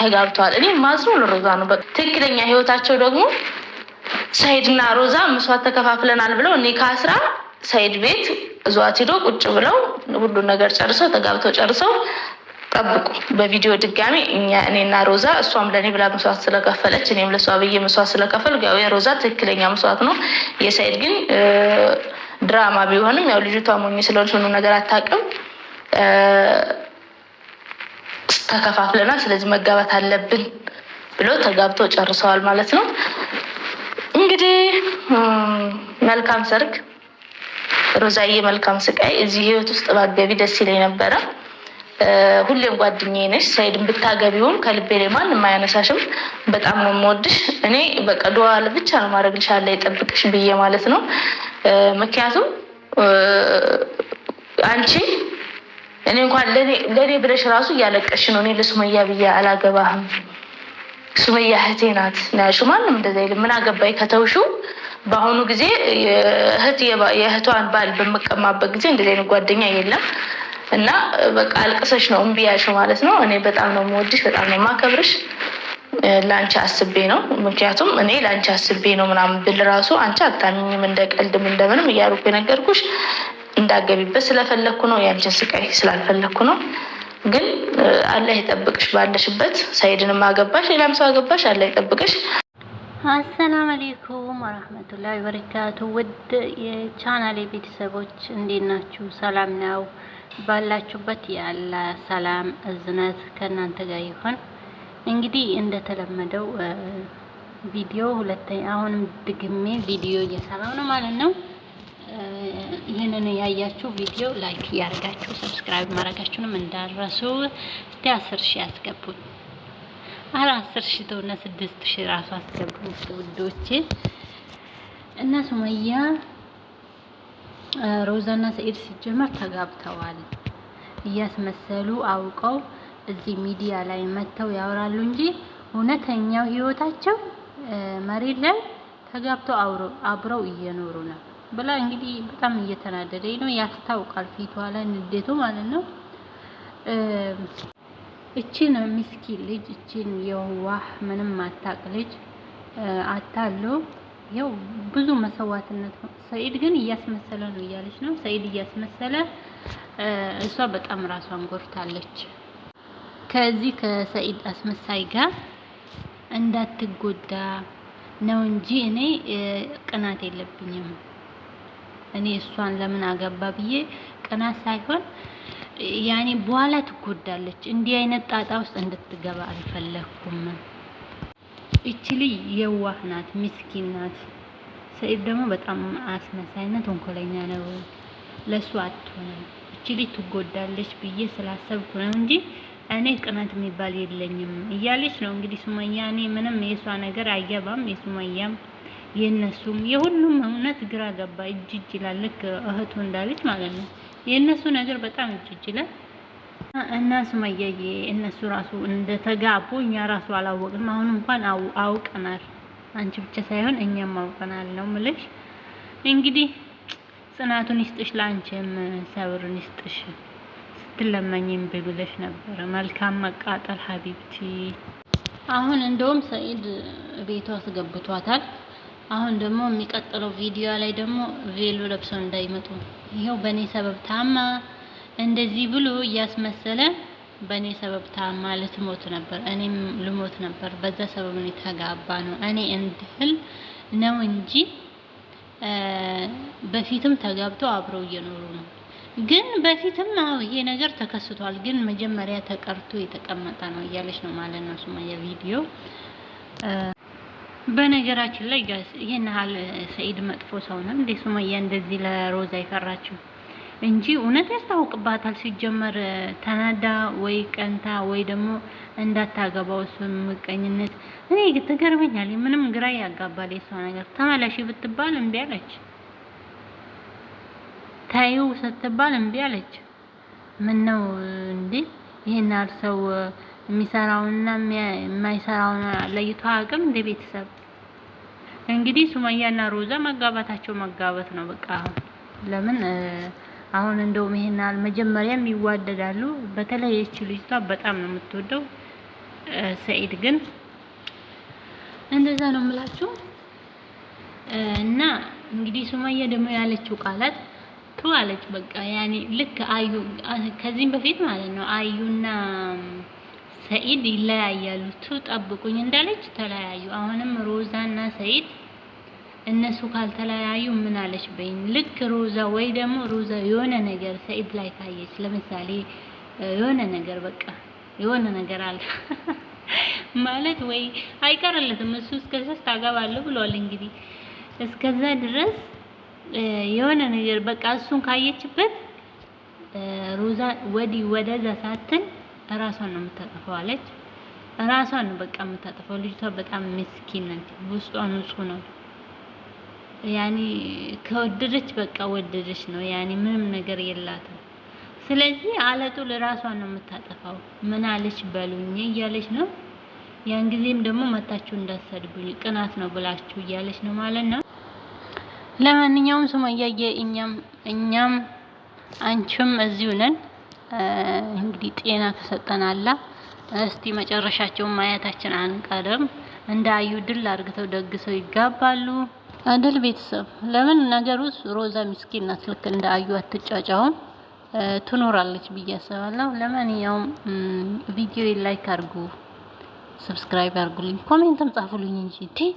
ተጋብተዋል። እኔ ማዝነው ለሮዛ ነው። ትክክለኛ ህይወታቸው ደግሞ ሰይድና ሮዛ መስዋዕት ተከፋፍለናል ብለው እኔ ከአስራ ሰይድ ቤት እዟት ሂዶ ቁጭ ብለው ሁሉን ነገር ጨርሰው ተጋብተው ጨርሰው ጠብቁ። በቪዲዮ ድጋሚ እኛ እኔና ሮዛ እሷም ለእኔ ብላ መስዋዕት ስለከፈለች እኔም ለእሷ ብዬ መስዋዕት ስለከፈል ያው የሮዛ ትክክለኛ መስዋዕት ነው። የሰይድ ግን ድራማ ቢሆንም ያው ልጅቷ ሞኝ ስለሆነች ሁሉ ነገር አታውቅም። ተከፋፍለናል፣ ስለዚህ መጋባት አለብን ብሎ ተጋብቶ ጨርሰዋል ማለት ነው። እንግዲህ መልካም ሰርግ ሮዛዬ፣ መልካም ስቃይ። እዚህ ህይወት ውስጥ ባገቢ ደስ ይለኝ ነበረ። ሁሌም ጓደኛዬ ነሽ። ሳይድን ብታገቢውም ከልቤ ላይ ማንም አያነሳሽም። በጣም ነው የምወድሽ። እኔ በቃ ዱዓ ብቻ ነው ማድረግልሽ፣ አላህ ጠብቅሽ ብዬ ማለት ነው። ምክንያቱም አንቺ እኔ እንኳን ለእኔ ብለሽ ራሱ እያለቀሽ ነው። እኔ ለሱመያ ብዬ አላገባህም፣ ሱመያ እህቴ ናት ናያሹ። ማንም እንደዚ አይልም። ምን አገባይ ከተውሹ። በአሁኑ ጊዜ እህት የእህቷን ባል በምቀማበት ጊዜ እንደዚህ አይነት ጓደኛ የለም። እና በቃ አልቅሰሽ ነው እምቢ ያልሽው ማለት ነው። እኔ በጣም ነው የምወድሽ፣ በጣም ነው የማከብርሽ። ለአንቺ አስቤ ነው ምክንያቱም እኔ ለአንቺ አስቤ ነው ምናምን ብል ራሱ አንቺ አታምኝም፣ እንደ ቀልድም እንደምንም እያልኩ የነገርኩሽ እንዳገቢበት ስለፈለግኩ ነው። ያንችን ስቃይ ስላልፈለግኩ ነው። ግን አላህ ይጠብቅሽ ባለሽበት። ሰይድንም አገባሽ፣ ሌላም ሰው አገባሽ፣ አላህ ይጠብቅሽ። አሰላም አሌይኩም ወረህመቱላሂ ወበረካቱ። ውድ የቻናሌ ቤተሰቦች እንዴት ናችሁ? ሰላም ነው ባላችሁበት። የአላ ሰላም እዝነት ከእናንተ ጋር ይሆን። እንግዲህ እንደተለመደው ቪዲዮ ሁለተኛ አሁንም ድግሜ ቪዲዮ እየሰራው ነው ማለት ነው ይህንን ያያችሁ ቪዲዮ ላይክ እያደረጋችሁ ሰብስክራይብ ማድረጋችሁንም እንዳረሱ። እስቲ አስር ሺህ አስገቡኝ። አረ አስር ሺህ ተውና ስድስት ሺህ ራሱ አስገቡኝ ውዶች። እና ሱመያ ሮዛና ሰኢድ ሲጀመር ተጋብተዋል እያስመሰሉ አውቀው እዚህ ሚዲያ ላይ መጥተው ያወራሉ እንጂ እውነተኛው ህይወታቸው መሬት ላይ ተጋብተው አብረው እየኖሩ ነው። ብላ እንግዲህ በጣም እየተናደደ ነው ያስታውቃል፣ ፊቷ ላይ ንዴቱ ማለት ነው። እችን ምስኪን ልጅ እቺን የዋህ ምንም አታቅ ልጅ አታሉ ያው ብዙ መሰዋትነት ነው። ሰኢድ ግን እያስመሰለ ነው እያለች ነው። ሰኢድ እያስመሰለ እሷ በጣም ራሷን ጎርታለች። ከዚህ ከሰኢድ አስመሳይ ጋር እንዳትጎዳ ነው እንጂ እኔ ቅናት የለብኝም። እኔ እሷን ለምን አገባ ብዬ ቅናት ሳይሆን ያኔ በኋላ ትጎዳለች። እንዲህ አይነት ጣጣ ውስጥ እንድትገባ አልፈለግኩም። እቺ ልጅ የዋህ ናት፣ ምስኪን ናት። ሰኢድ ደግሞ በጣም አስመሳይና ተንኮለኛ ነው። ለእሱ አትሆንም። እቺ ልጅ ትጎዳለች ብዬ ስላሰብኩ ነው እንጂ እኔ ቅናት የሚባል የለኝም እያለች ነው እንግዲህ ሱመያ። እኔ ምንም የእሷ ነገር አይገባም የሱመያም የእነሱም የሁሉም እውነት ግራ ገባ። እጅ እጅ ይላል። ልክ እህቱ እንዳለች ማለት ነው። የእነሱ ነገር በጣም እጅ እጅ ይላል። እና ሱመያዬ እነሱ ራሱ እንደተጋቡ እኛ ራሱ አላወቅንም። አሁን እንኳን አውቀናል። አንቺ ብቻ ሳይሆን እኛም አውቀናል ነው ምልሽ። እንግዲህ ጽናቱን ይስጥሽ፣ ለአንቺም ሰብርን ይስጥሽ። ስትለመኝም ብብለሽ ነበረ። መልካም መቃጠል ሀቢብቲ። አሁን እንደውም ሰኢድ ቤቷ አስገብቷታል። አሁን ደግሞ የሚቀጥለው ቪዲዮ ላይ ደግሞ ቬሎ ለብሰው እንዳይመጡ ይሄው በእኔ ሰበብ ታማ እንደዚህ ብሎ እያስመሰለ በእኔ ሰበብ ታማ ልትሞት ነበር፣ እኔም ልሞት ነበር። በዛ ሰበብ ነው የተጋባ ነው። እኔ እንድል ነው እንጂ በፊትም ተጋብቶ አብረው እየኖሩ ነው። ግን በፊትም አው ይሄ ነገር ተከስቷል፣ ግን መጀመሪያ ተቀርቶ የተቀመጠ ነው እያለች ነው ማለት ነው ሱማያ ቪዲዮ በነገራችን ላይ ጋስ ይሄን ያህል ሰኢድ መጥፎ ሰው ነው እንዴ? ሱመያ እንደዚህ ለሮዛ አይፈራችው እንጂ እውነት ያስታውቅባታል። ሲጀመር ተናዳ ወይ ቀንታ ወይ ደግሞ እንዳታገባው እሱን ምቀኝነት እኔ ትገርመኛል። ምንም ግራ ያጋባል የሷ ነገር። ተመላሽ ብትባል እምቢ አለች፣ ታዩ ስትባል እምቢ አለች። ምን ነው እንዴ ይሄን ያህል ሰው የሚሰራውንና የማይሰራውን ለይቶ አቅም እንደ ቤተሰብ እንግዲህ ሱመያና ሮዛ መጋባታቸው መጋባት ነው። በቃ አሁን ለምን አሁን እንደውም ይሄን መጀመሪያም ይዋደዳሉ። በተለይ እቺ ልጅቷ በጣም ነው የምትወደው። ሰኢድ ግን እንደዛ ነው የምላችሁ። እና እንግዲህ ሱመያ ደግሞ ያለችው ቃላት ቱ አለች። በቃ ያኔ ልክ አዩ ከዚህም በፊት ማለት ነው አዩና ሰኢድ ይለያያሉ። ጠብቁኝ እንዳለች ተለያዩ። አሁንም ሮዛ እና ሰኢድ እነሱ ካልተለያዩ ምን አለች በይኝ። ልክ ሮዛ ወይ ደግሞ ሮዛ የሆነ ነገር ሰኢድ ላይ ካየች፣ ለምሳሌ የሆነ ነገር በቃ የሆነ ነገር አለ ማለት ወይ አይቀርለትም። እሱ እስከዛ ታገባለሁ ብሏል። እንግዲህ እስከዛ ድረስ የሆነ ነገር በቃ እሱን ካየችበት ሮዛ ወዲህ ወደዛ ሳትን ራሷን ነው የምታጠፋው አለች። ራሷን ነው በቃ የምታጠፋው። ልጅቷ በጣም ምስኪን ነች፣ ውስጧ ንጹህ ነው። ያኔ ከወደደች በቃ ወደደች ነው። ያኔ ምንም ነገር የላትም። ስለዚህ አለቱ ለራሷን ነው የምታጠፋው። ምን አለች በሉኝ እያለች ነው። ያን ጊዜም ደግሞ መታችሁ እንዳሰድቡኝ ቅናት ነው ብላችሁ እያለች ነው ማለት ነው። ለማንኛውም ሱመያዬ እኛም እኛም አንቺም እዚሁ ነን። እንግዲህ ጤና ከሰጠን አላ እስቲ መጨረሻቸውን ማየታችን አንቀርም። እንደ አዩ ድል አድርገው ደግሰው ይጋባሉ አደል ቤተሰብ። ለምን ውስጥ ሮዛ ሚስኪን ናት። ልክ እንደ አዩ አትጫጫውም ትኖራለች ብዬ አስባለሁ። ለማንኛውም ቪዲዮ ላይክ አድርጉ፣ ሰብስክራይብ አድርጉልኝ፣ ኮሜንትም ጻፉልኝ እንጂ